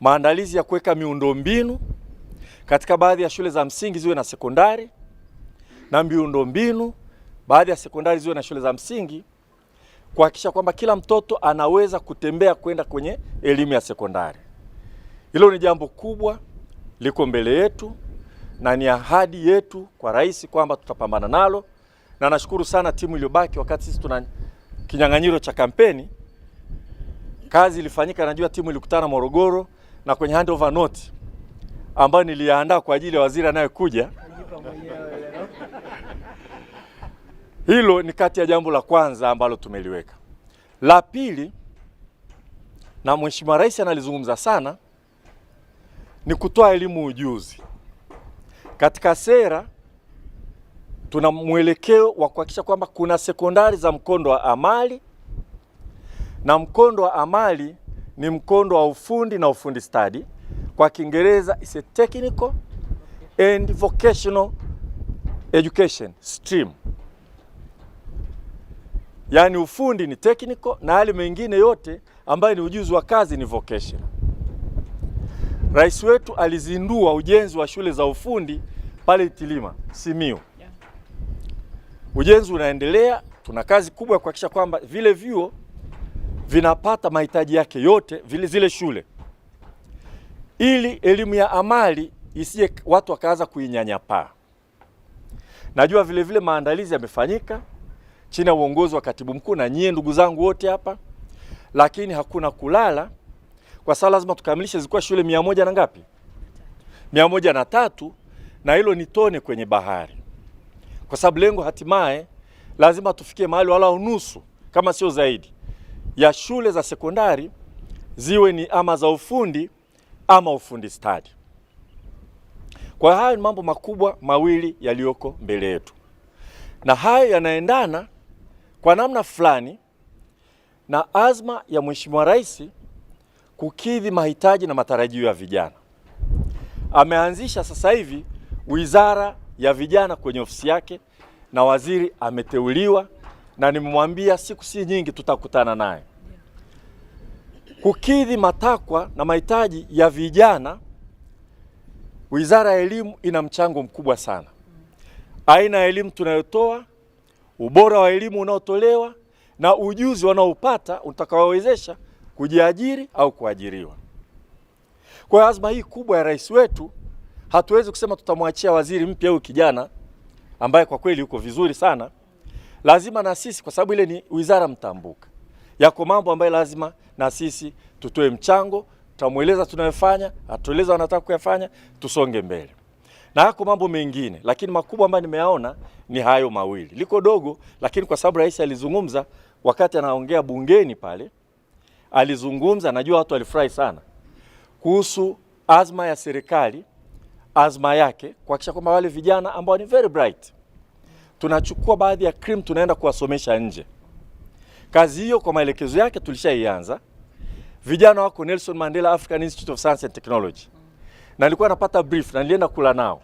maandalizi ya kuweka miundombinu katika baadhi ya shule za msingi ziwe na sekondari na miundombinu baadhi ya sekondari ziwe na shule za msingi kuhakikisha kwamba kila mtoto anaweza kutembea kwenda kwenye elimu ya sekondari. Hilo ni jambo kubwa liko mbele yetu na ni ahadi yetu kwa rais kwamba tutapambana nalo, na nashukuru sana timu iliyobaki wakati sisi tuna kinyang'anyiro cha kampeni. Kazi ilifanyika, najua timu ilikutana Morogoro na kwenye handover note ambayo niliandaa kwa ajili ya waziri anayekuja hilo ni kati ya jambo la kwanza ambalo tumeliweka. La pili, na Mheshimiwa Rais analizungumza sana, ni kutoa elimu ujuzi. Katika sera tuna mwelekeo wa kuhakikisha kwamba kuna sekondari za mkondo wa amali na mkondo wa amali ni mkondo wa ufundi na ufundi stadi, kwa Kiingereza is a technical and vocational education stream. Yaani ufundi ni technical na hali mengine yote ambayo ni ujuzi wa kazi ni vocation. Rais wetu alizindua ujenzi wa shule za ufundi pale Itilima, Simiyu. Ujenzi unaendelea, tuna kazi kubwa ya kuhakikisha kwamba vile vyuo vinapata mahitaji yake yote vile zile shule, ili elimu ya amali isiye watu wakaanza kuinyanyapaa. Najua vile vile maandalizi yamefanyika chini ya uongozi wa katibu mkuu na nyie ndugu zangu wote hapa, lakini hakuna kulala kwa sababu lazima tukamilishe. Zilikuwa shule mia moja na ngapi? Mia moja na tatu, na hilo ni tone kwenye bahari, kwa sababu lengo hatimaye lazima tufikie mahali wala unusu kama sio zaidi ya shule za sekondari ziwe ni ama za ufundi ama ufundi stadi. Kwa hiyo hayo ni mambo makubwa mawili yaliyoko mbele yetu, na hayo yanaendana kwa namna fulani na azma ya Mheshimiwa Rais kukidhi mahitaji na matarajio ya vijana. Ameanzisha sasa hivi wizara ya vijana kwenye ofisi yake na waziri ameteuliwa na nimemwambia siku si nyingi tutakutana naye kukidhi matakwa na mahitaji ya vijana. Wizara ya Elimu ina mchango mkubwa sana, aina ya elimu tunayotoa, ubora wa elimu unaotolewa na ujuzi wanaopata utakaowezesha kujiajiri au kuajiriwa. Kwa hiyo azma hii kubwa ya rais wetu, hatuwezi kusema tutamwachia waziri mpya huyu kijana ambaye kwa kweli yuko vizuri sana, lazima na sisi, kwa sababu ile ni wizara mtambuka, yako mambo ambayo lazima na sisi tutoe mchango, tutamweleza tunayofanya, atueleza wanataka kuyafanya, tusonge mbele na yako mambo mengine, lakini makubwa ambayo nimeyaona ni hayo mawili. Liko dogo, lakini kwa sababu rais alizungumza wakati anaongea bungeni pale, alizungumza, najua watu walifurahi sana kuhusu azma ya serikali, azma yake kuhakikisha kwamba wale vijana ambao ni very bright tunachukua baadhi ya cream tunaenda kuwasomesha nje. Kazi hiyo kwa maelekezo yake tulishaianza. Vijana wako Nelson Mandela African Institute of Science and Technology, na nilikuwa napata brief na nilienda kula nao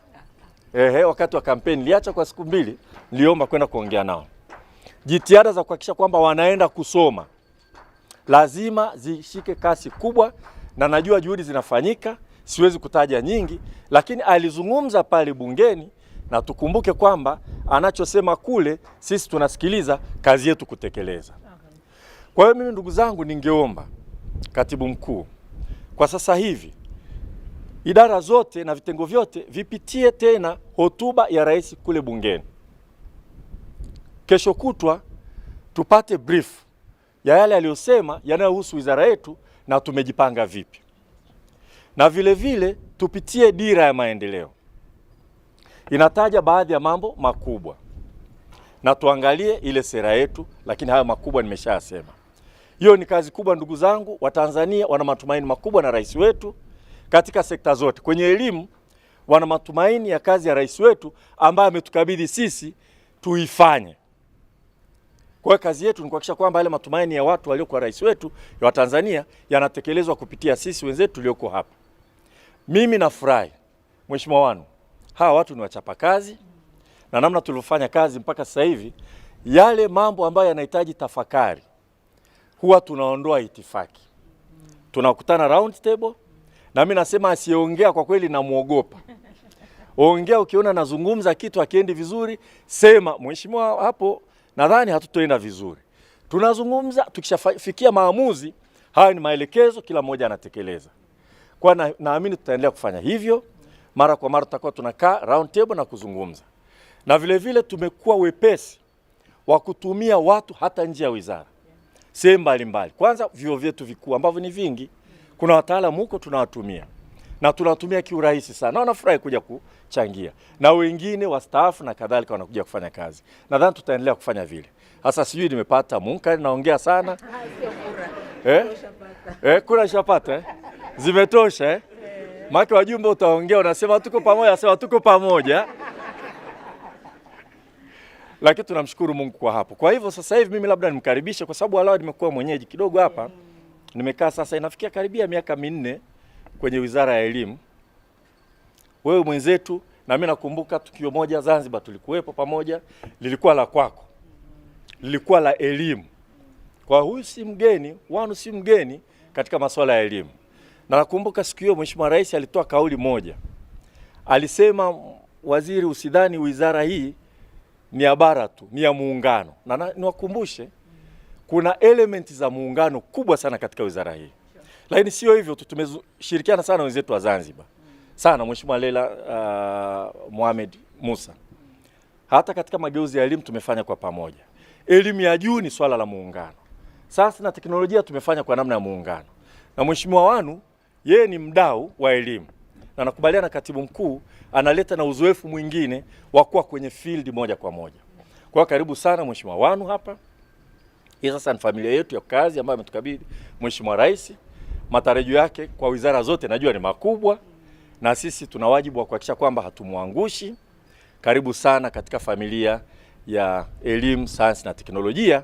ehe, wakati wa kampeni niliacha kwa siku mbili, niliomba kwenda kuongea nao. Jitihada za kuhakikisha kwamba wanaenda kusoma lazima zishike kasi kubwa, na najua juhudi zinafanyika, siwezi kutaja nyingi, lakini alizungumza pale bungeni na tukumbuke kwamba anachosema kule sisi tunasikiliza, kazi yetu kutekeleza. Kwa hiyo mimi, ndugu zangu, ningeomba katibu mkuu kwa sasa hivi idara zote na vitengo vyote vipitie tena hotuba ya rais kule bungeni kesho kutwa, tupate brief ya yale aliyosema yanayohusu wizara yetu na tumejipanga vipi, na vile vile tupitie dira ya maendeleo inataja baadhi ya mambo makubwa na tuangalie ile sera yetu, lakini hayo makubwa nimeshayasema. Hiyo ni kazi kubwa, ndugu zangu. Watanzania wana matumaini makubwa na rais wetu katika sekta zote. Kwenye elimu wana matumaini ya kazi ya rais wetu ambayo ametukabidhi sisi tuifanye. Kwa hiyo kazi yetu ni kuhakikisha kwamba yale matumaini ya watu waliokuwa rais wetu ya Watanzania yanatekelezwa kupitia sisi wenzetu tulioko hapa. Mimi nafurahi Mheshimiwa Wanu hawa watu ni wachapakazi na namna tulivyofanya kazi mpaka sasa hivi, yale mambo ambayo yanahitaji tafakari huwa tunaondoa itifaki, tunakutana round table, na mimi nasema asiyeongea kwa kweli namwogopa. Ongea, ukiona nazungumza kitu akiendi vizuri, sema mheshimiwa, hapo nadhani hatutoenda vizuri. Tunazungumza, tukishafikia maamuzi, haya ni maelekezo, kila mmoja anatekeleza. Kwa naamini na tutaendelea kufanya hivyo mara kwa mara tutakuwa tunakaa round table na kuzungumza, na vile vile tumekuwa wepesi wa kutumia watu hata nje ya wizara sehemu mbalimbali. Kwanza vyuo vyetu vikuu ambavyo ni vingi, kuna wataalamu huko tunawatumia na tunatumia kiurahisi sana, wanafurahi kuja kuchangia na wengine wastaafu na kadhalika wanakuja kufanya kazi. Nadhani tutaendelea kufanya vile. Sasa sijui nimepata munkari, naongea sana eh? Eh, kura shapata eh? zimetosha eh? Maake wajumbe utaongea, unasema tuko pamoja, asema tuko pamoja lakini tunamshukuru Mungu kwa hapo. Kwa hivyo sasa hivi mimi labda nimkaribishe, kwa sababu alawa nimekuwa mwenyeji kidogo hapa, nimekaa sasa, inafikia karibia miaka minne kwenye wizara ya elimu, wewe mwenzetu na mimi. Nakumbuka tukio moja Zanzibar tulikuwepo pamoja, lilikuwa la kwako, lilikuwa la elimu. Kwa huyu si mgeni, wanu si mgeni katika masuala ya elimu. Na nakumbuka siku hiyo Mheshimiwa Rais alitoa kauli moja, alisema waziri, usidhani wizara hii ni ya bara tu, ni ya muungano. Na niwakumbushe kuna elementi za muungano kubwa sana katika wizara hii, lakini sio hivyo tu, tumeshirikiana sana wenzetu wa Zanzibar sana, Mheshimiwa Leila uh, Mohamed Musa. Hata katika mageuzi ya elimu tumefanya kwa pamoja. Elimu ya juu ni swala la muungano, sasa na teknolojia tumefanya kwa namna ya muungano na Mheshimiwa Wanu yeye ni mdau wa elimu na nakubaliana na katibu mkuu, analeta na uzoefu mwingine wa kuwa kwenye field moja kwa moja. Kwa hiyo karibu sana Mheshimiwa Wanu hapa. Hii sasa ni familia yetu ya kazi ambayo ametukabidhi Mheshimiwa Rais. Matarajio yake kwa wizara zote najua ni makubwa, na sisi tuna wajibu wa kuhakikisha kwamba hatumwangushi. Karibu sana katika familia ya elimu, sayansi na teknolojia.